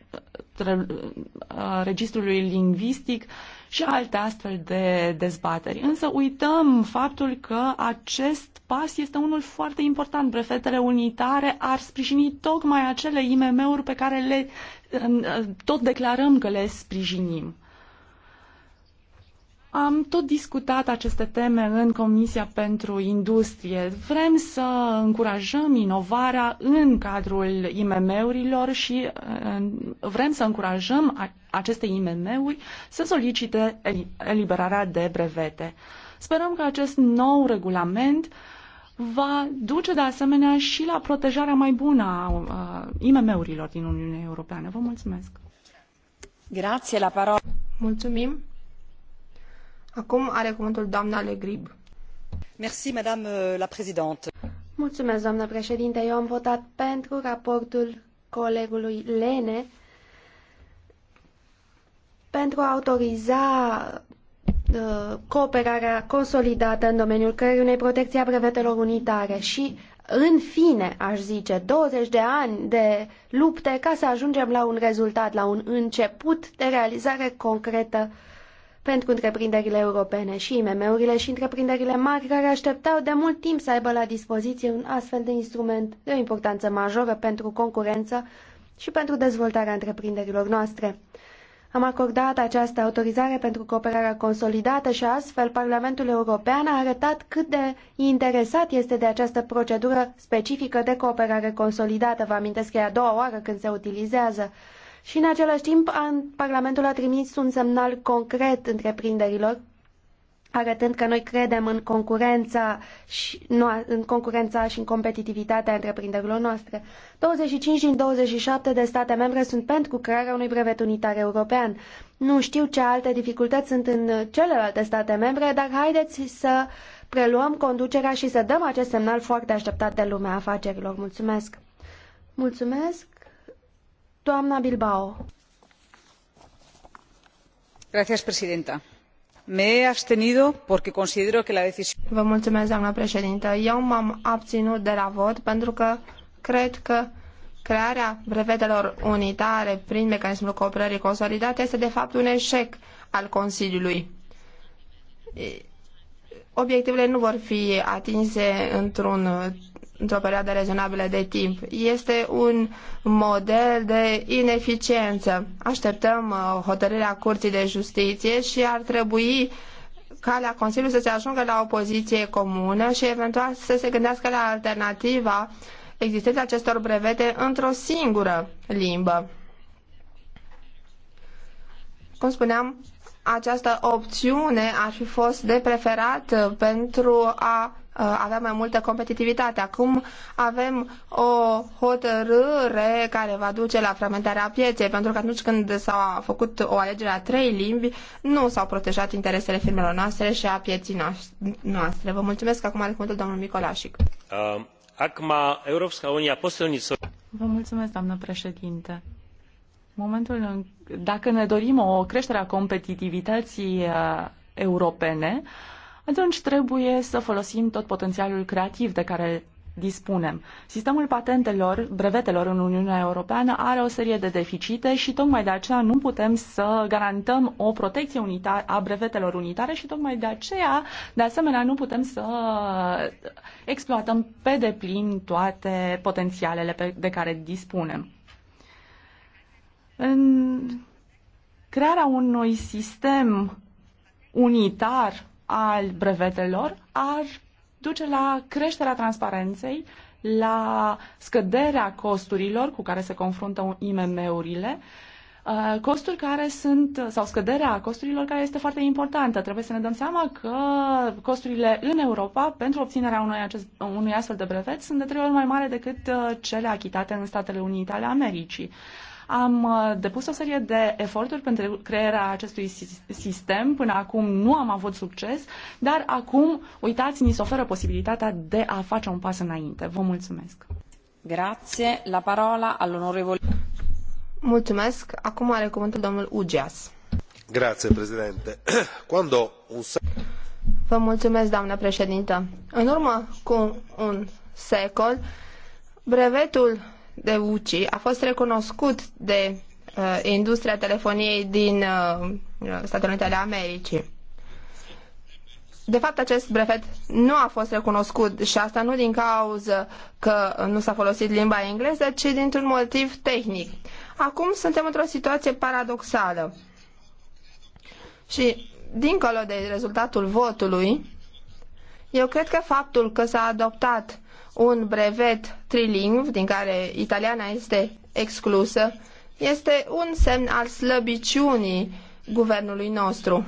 registrului lingvistic și alte astfel de dezbateri. Însă uităm faptul că acest pas este unul foarte important. Prefetele unitare ar sprijini tocmai acele IMM-uri pe care le tot declarăm că le sprijinim. Am tot discutat aceste teme în Comisia pentru Industrie. Vrem să încurajăm inovarea în cadrul IMM-urilor și vrem să încurajăm aceste IMM-uri să solicite eliberarea de brevete. Sperăm că acest nou regulament va duce de asemenea și la protejarea mai bună a IMM-urilor din Uniunea Europeană. Vă mulțumesc! Grație la parol. Mulțumim! Acum are cuvântul doamna Grib. Merci, madame euh, la présidente. Mulțumesc, doamnă președinte. Eu am votat pentru raportul colegului Lene pentru a autoriza uh, cooperarea consolidată în domeniul creării unei protecții a brevetelor unitare și în fine, aș zice, 20 de ani de lupte ca să ajungem la un rezultat, la un început de realizare concretă pentru întreprinderile europene și IMM-urile și întreprinderile mari care așteptau de mult timp să aibă la dispoziție un astfel de instrument de o importanță majoră pentru concurență și pentru dezvoltarea întreprinderilor noastre. Am acordat această autorizare pentru cooperarea consolidată și astfel Parlamentul European a arătat cât de interesat este de această procedură specifică de cooperare consolidată. Vă amintesc că e a doua oară când se utilizează și în același timp Parlamentul a trimis un semnal concret întreprinderilor arătând că noi credem în concurența și, nu, în, concurența și în competitivitatea întreprinderilor noastre. 25 din 27 de state membre sunt pentru crearea unui brevet unitar european. Nu știu ce alte dificultăți sunt în celelalte state membre, dar haideți să preluăm conducerea și să dăm acest semnal foarte așteptat de lumea afacerilor. Mulțumesc! Mulțumesc! señora presidenta. Me he abstenido porque considero que la decisión. Vă mulțumesc, doamna președintă. Eu m-am abținut de la vot pentru că cred că crearea brevetelor unitare prin mecanismul cooperării consolidate este de fapt un eșec al Consiliului. Obiectivele nu vor fi atinse într-un într-o perioadă rezonabilă de timp. Este un model de ineficiență. Așteptăm uh, hotărârea Curții de Justiție și ar trebui ca la Consiliu să se ajungă la o poziție comună și eventual să se gândească la alternativa existenței acestor brevete într-o singură limbă. Cum spuneam, această opțiune ar fi fost de preferat pentru a Uh, avea mai multă competitivitate. Acum avem o hotărâre care va duce la fragmentarea pieței, pentru că atunci când s-a făcut o alegere a trei limbi, nu s-au protejat interesele firmelor noastre și a pieții noastre. Vă mulțumesc. Acum are cuvântul domnul Micolașic. Uh, acum, Europska Unia, posilniță. Vă mulțumesc, doamnă președinte. Momentul în... Dacă ne dorim o creștere a competitivității uh, europene, uh, atunci trebuie să folosim tot potențialul creativ de care dispunem. Sistemul patentelor, brevetelor în Uniunea Europeană are o serie de deficite și tocmai de aceea nu putem să garantăm o protecție unitară a brevetelor unitare și tocmai de aceea, de asemenea, nu putem să exploatăm pe deplin toate potențialele pe, de care dispunem. În crearea unui sistem unitar al brevetelor ar duce la creșterea transparenței, la scăderea costurilor cu care se confruntă IMM-urile, uh, costuri care sunt, sau scăderea costurilor care este foarte importantă. Trebuie să ne dăm seama că costurile în Europa pentru obținerea unui, acest, unui astfel de brevet sunt de trei ori mai mare decât uh, cele achitate în Statele Unite ale Americii. Am uh, depus o serie de eforturi pentru crearea acestui sistem. Până acum nu am avut succes, dar acum, uitați, ni se oferă posibilitatea de a face un pas înainte. Vă mulțumesc! Grazie. La parola all'onorevole. Mulțumesc. Acum are cuvântul domnul Ugeas. Grazie, președinte. <clears throat> Quando un... Vă mulțumesc, doamnă președintă. În urmă cu un secol, brevetul de UCI a fost recunoscut de uh, industria telefoniei din uh, uh Statele Unite ale Americii. De fapt, acest brevet nu a fost recunoscut și asta nu din cauză că nu s-a folosit limba engleză, ci dintr-un motiv tehnic. Acum suntem într-o situație paradoxală. Și, dincolo de rezultatul votului, eu cred că faptul că s-a adoptat un brevet trilingv, din care italiana este exclusă, este un semn al slăbiciunii guvernului nostru.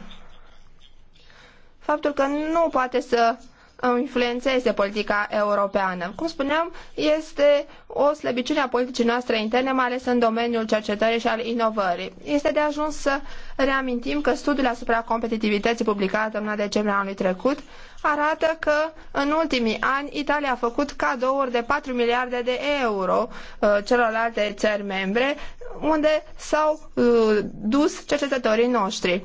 Faptul că nu poate să influențeze politica europeană. Cum spuneam, este o slăbiciune a politicii noastre interne, mai ales în domeniul cercetării și al inovării. Este de ajuns să reamintim că studiul asupra competitivității publicat în luna decembrie anului trecut arată că în ultimii ani Italia a făcut cadouri de 4 miliarde de euro uh, celorlalte țări membre, unde s-au uh, dus cercetătorii noștri.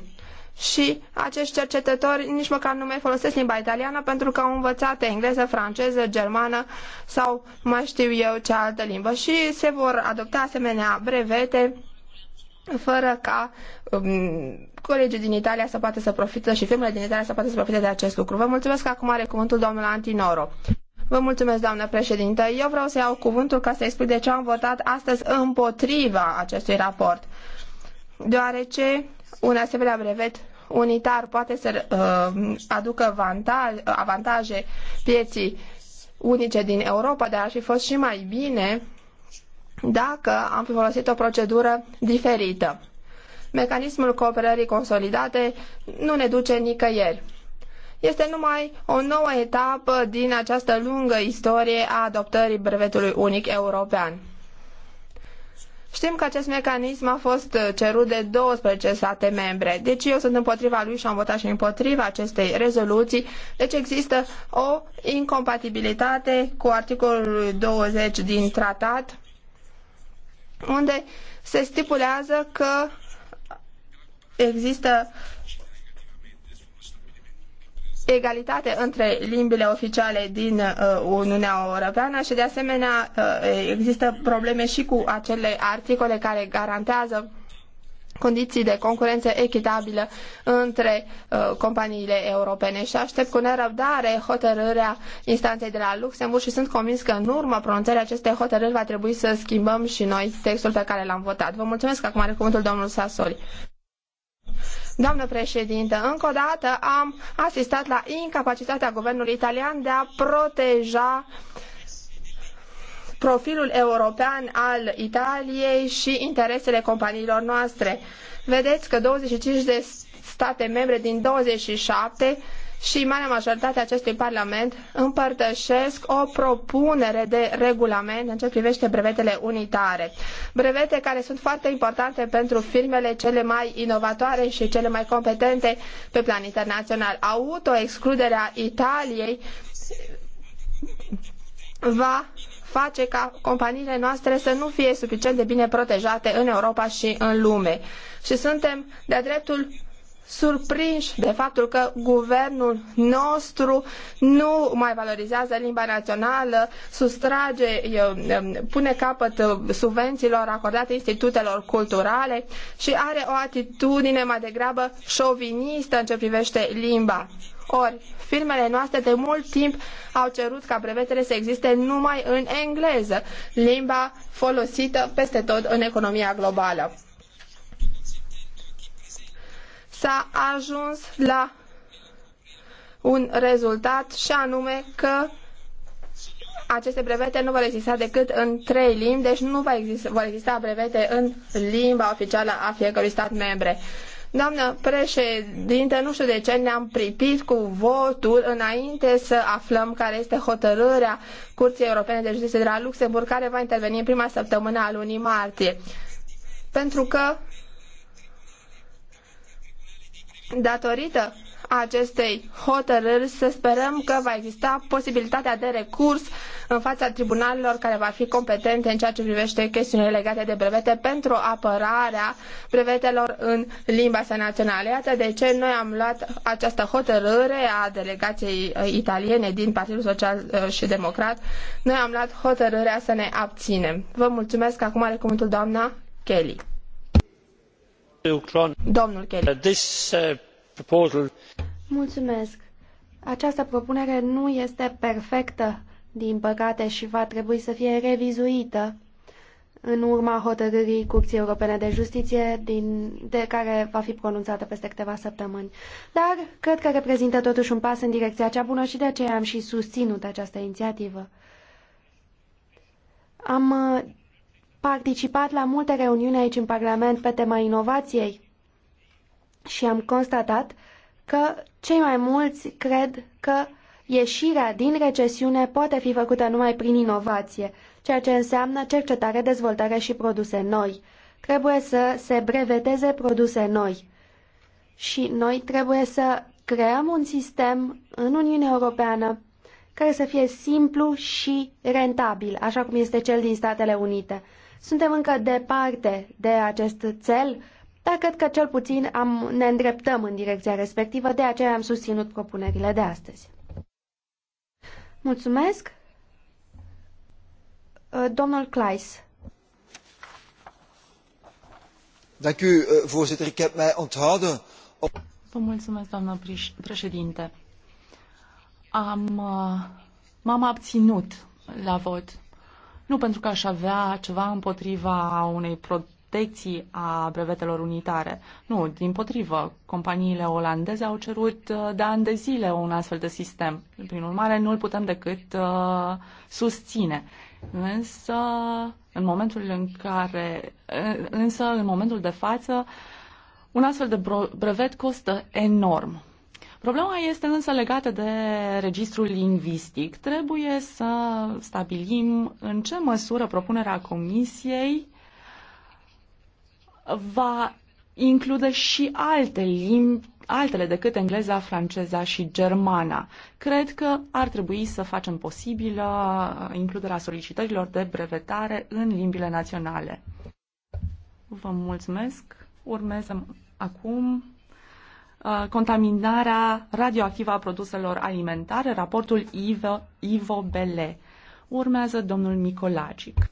Și acești cercetători nici măcar nu mai folosesc limba italiană pentru că au învățat engleză, franceză, germană sau mai știu eu ce altă limbă și se vor adopta asemenea brevete fără ca um, colegii din Italia să poată să profită și firmele din Italia să poată să profite de acest lucru. Vă mulțumesc că acum are cuvântul domnul Antinoro. Vă mulțumesc, doamnă președintă. Eu vreau să iau cuvântul ca să explic de ce am votat astăzi împotriva acestui raport. Deoarece un asemenea brevet unitar poate să uh, aducă avantaje pieții unice din Europa, dar ar fi fost și mai bine dacă am fi folosit o procedură diferită mecanismul cooperării consolidate nu ne duce nicăieri. Este numai o nouă etapă din această lungă istorie a adoptării brevetului unic european. Știm că acest mecanism a fost cerut de 12 state membre, deci eu sunt împotriva lui și am votat și împotriva acestei rezoluții, deci există o incompatibilitate cu articolul 20 din tratat, unde se stipulează că există egalitate între limbile oficiale din uh, Uniunea Europeană și de asemenea uh, există probleme și cu acele articole care garantează condiții de concurență echitabilă între uh, companiile europene și aștept cu nerăbdare hotărârea instanței de la Luxemburg și sunt convins că în urma pronunțării acestei hotărâri va trebui să schimbăm și noi textul pe care l-am votat. Vă mulțumesc, acum are cuvântul domnul Sasoli. Doamnă președintă, încă o dată am asistat la incapacitatea guvernului italian de a proteja profilul european al Italiei și interesele companiilor noastre. Vedeți că 25 de state membre din 27 și marea majoritate a acestui Parlament împărtășesc o propunere de regulament în ce privește brevetele unitare. Brevete care sunt foarte importante pentru firmele cele mai inovatoare și cele mai competente pe plan internațional. Autoexcluderea Italiei va face ca companiile noastre să nu fie suficient de bine protejate în Europa și în lume. Și suntem de-a dreptul surprinși de faptul că guvernul nostru nu mai valorizează limba națională, sustrage, pune capăt subvențiilor acordate institutelor culturale și are o atitudine mai degrabă șovinistă în ce privește limba. Ori, firmele noastre de mult timp au cerut ca brevetele să existe numai în engleză, limba folosită peste tot în economia globală s-a ajuns la un rezultat și anume că aceste brevete nu vor exista decât în trei limbi, deci nu va exista, vor exista brevete în limba oficială a fiecărui stat membre. Doamnă președinte, nu știu de ce ne-am pripit cu votul înainte să aflăm care este hotărârea Curții Europene de Justiție de la Luxemburg, care va interveni în prima săptămână a lunii martie. Pentru că datorită acestei hotărâri să sperăm că va exista posibilitatea de recurs în fața tribunalelor care va fi competente în ceea ce privește chestiunile legate de brevete pentru apărarea brevetelor în limba sa națională. Iată de ce noi am luat această hotărâre a delegației uh, italiene din Partidul Social uh, și Democrat. Noi am luat hotărârea să ne abținem. Vă mulțumesc. Acum are cuvântul doamna Kelly. Uh, această propunere nu este perfectă, din păcate, și va trebui să fie revizuită în urma hotărârii Curții Europene de Justiție, din, de care va fi pronunțată peste câteva săptămâni. Dar cred că reprezintă totuși un pas în direcția cea bună și de aceea am și susținut această inițiativă. Am uh, participat la multe reuniuni aici în Parlament pe tema inovației și am constatat că cei mai mulți cred că ieșirea din recesiune poate fi făcută numai prin inovație, ceea ce înseamnă cercetare, dezvoltare și produse noi. Trebuie să se breveteze produse noi. Și noi trebuie să creăm un sistem în Uniunea Europeană care să fie simplu și rentabil, așa cum este cel din Statele Unite. Suntem încă departe de acest cel, dar cred că cel puțin am, ne îndreptăm în direcția respectivă, de aceea am susținut propunerile de astăzi. Mulțumesc. Uh, domnul Kleis. Dank u, uh, voorzitter. Ik heb mij onthouden. Vă mulțumesc, doamnă președinte. Am, uh, m-am abținut la vot nu pentru că aș avea ceva împotriva unei protecții a brevetelor unitare. Nu, din potrivă, companiile olandeze au cerut uh, de ani de zile un astfel de sistem. Prin urmare, nu îl putem decât uh, susține. Însă, în momentul în care, uh, însă, în momentul de față, un astfel de brevet costă enorm. Problema este însă legată de registrul lingvistic. Trebuie să stabilim în ce măsură propunerea Comisiei va include și alte limbi, altele decât engleza, franceza și germana. Cred că ar trebui să facem posibilă includerea solicitărilor de brevetare în limbile naționale. Vă mulțumesc. Urmează acum Uh, contaminarea radioactivă a produselor alimentare, raportul Ivo, Ivo Bele. Urmează domnul Micolagic.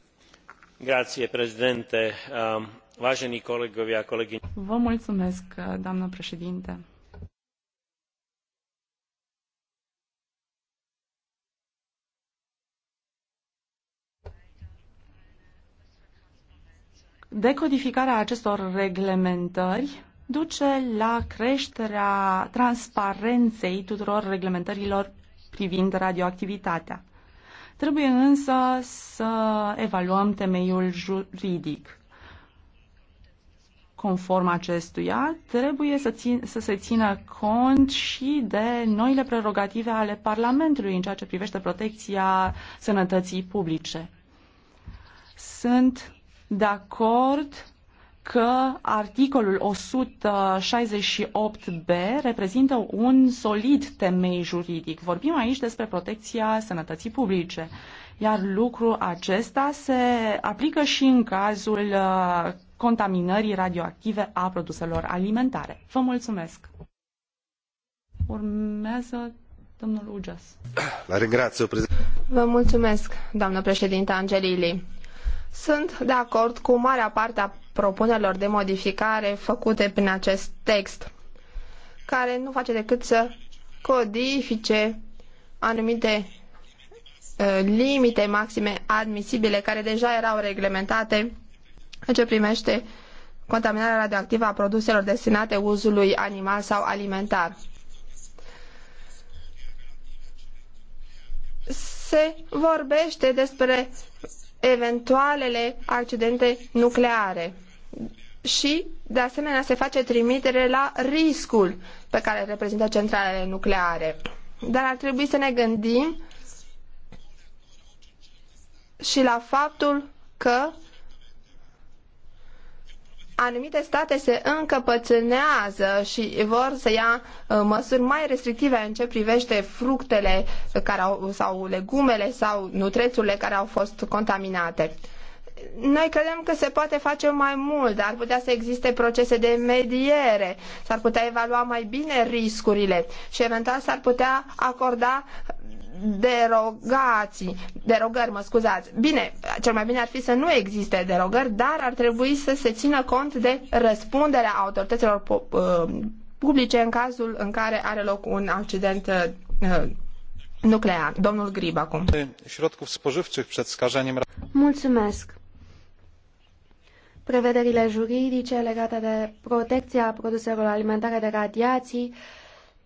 Grație, prezidente. Uh, vážení kolegovia, kolegyne. Vă mulțumesc, uh, doamnă președinte. Decodificarea acestor reglementări duce la creșterea transparenței tuturor reglementărilor privind radioactivitatea. Trebuie însă să evaluăm temeiul juridic. Conform acestuia, trebuie să, țin, să se țină cont și de noile prerogative ale Parlamentului în ceea ce privește protecția sănătății publice. Sunt de acord că articolul 168b reprezintă un solid temei juridic. Vorbim aici despre protecția sănătății publice, iar lucru acesta se aplică și în cazul uh, contaminării radioactive a produselor alimentare. Vă mulțumesc! Urmează domnul Ugeas. La Vă mulțumesc, doamnă președinte Angelili. Sunt de acord cu marea parte a propunerilor de modificare făcute prin acest text, care nu face decât să codifice anumite ă, limite maxime admisibile care deja erau reglementate în ce primește contaminarea radioactivă a produselor destinate uzului animal sau alimentar. Se vorbește despre eventualele accidente nucleare. Și, de asemenea, se face trimitere la riscul pe care reprezintă centralele nucleare. Dar ar trebui să ne gândim și la faptul că anumite state se încăpățânează și vor să ia uh, măsuri mai restrictive în ce privește fructele care au, sau legumele sau nutrețurile care au fost contaminate noi credem că se poate face mai mult, ar putea să existe procese de mediere, s-ar putea evalua mai bine riscurile și eventual s-ar putea acorda derogații, derogări, mă scuzați. Bine, cel mai bine ar fi să nu existe derogări, dar ar trebui să se țină cont de răspunderea autorităților uh, publice în cazul în care are loc un accident uh, nuclear. Domnul Grib acum. Mulțumesc prevederile juridice legate de protecția produselor alimentare de radiații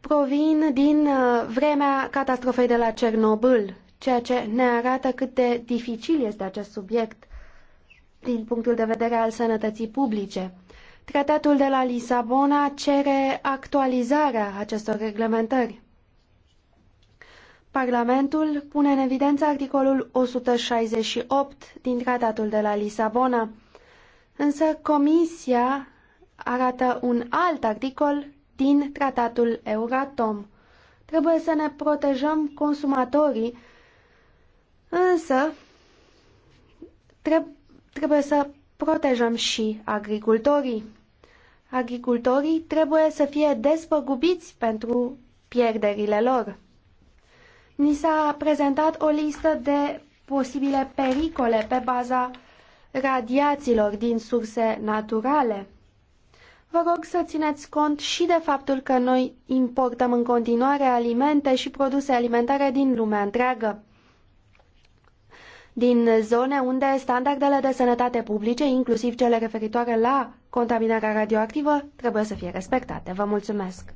provin din uh, vremea catastrofei de la Cernobâl, ceea ce ne arată cât de dificil este acest subiect din punctul de vedere al sănătății publice. Tratatul de la Lisabona cere actualizarea acestor reglementări. Parlamentul pune în evidență articolul 168 din Tratatul de la Lisabona, Însă Comisia arată un alt articol din tratatul Euratom. Trebuie să ne protejăm consumatorii, însă trebuie să protejăm și agricultorii. Agricultorii trebuie să fie despăgubiți pentru pierderile lor. Ni s-a prezentat o listă de posibile pericole pe baza radiațiilor din surse naturale. Vă rog să țineți cont și de faptul că noi importăm în continuare alimente și produse alimentare din lumea întreagă din zone unde standardele de sănătate publice, inclusiv cele referitoare la contaminarea radioactivă, trebuie să fie respectate. Vă mulțumesc!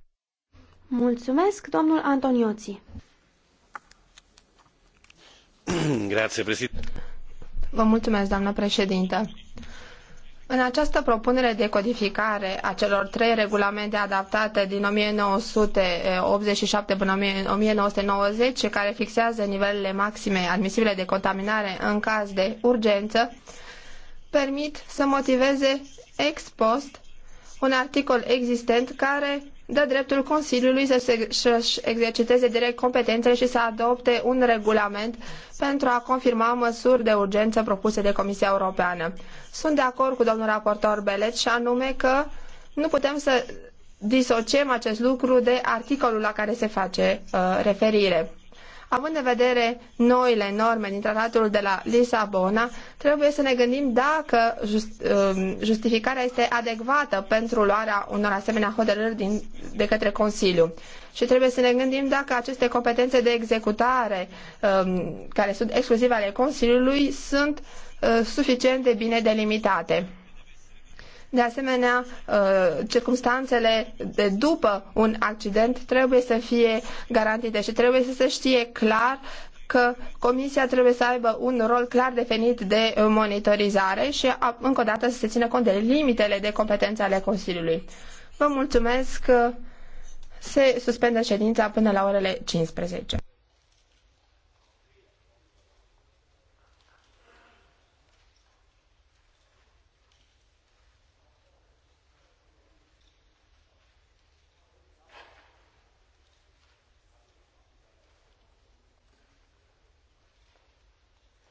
Mulțumesc, domnul Antonioții! Grazie, președinte. Vă mulțumesc, doamnă președintă. În această propunere de codificare a celor trei regulamente adaptate din 1987 până 1990, care fixează nivelele maxime admisibile de contaminare în caz de urgență, permit să motiveze ex post un articol existent care dă dreptul Consiliului să se, să exerciteze direct competențele și să adopte un regulament pentru a confirma măsuri de urgență propuse de Comisia Europeană. Sunt de acord cu domnul raportor Belet și anume că nu putem să disociem acest lucru de articolul la care se face uh, referire. Având în vedere noile norme din tratatul de la Lisabona, trebuie să ne gândim dacă um, justificarea este adecvată pentru luarea unor asemenea hotărâri din, de către Consiliu. Și trebuie să ne gândim dacă aceste competențe de executare, um, care sunt exclusive ale Consiliului, sunt uh, suficient de bine delimitate. De asemenea, uh, circumstanțele de după un accident trebuie să fie garantite și trebuie să se știe clar că comisia trebuie să aibă un rol clar definit de monitorizare și încă o dată să se țină cont de limitele de competențe ale Consiliului. Vă mulțumesc. Se suspendă ședința până la orele 15.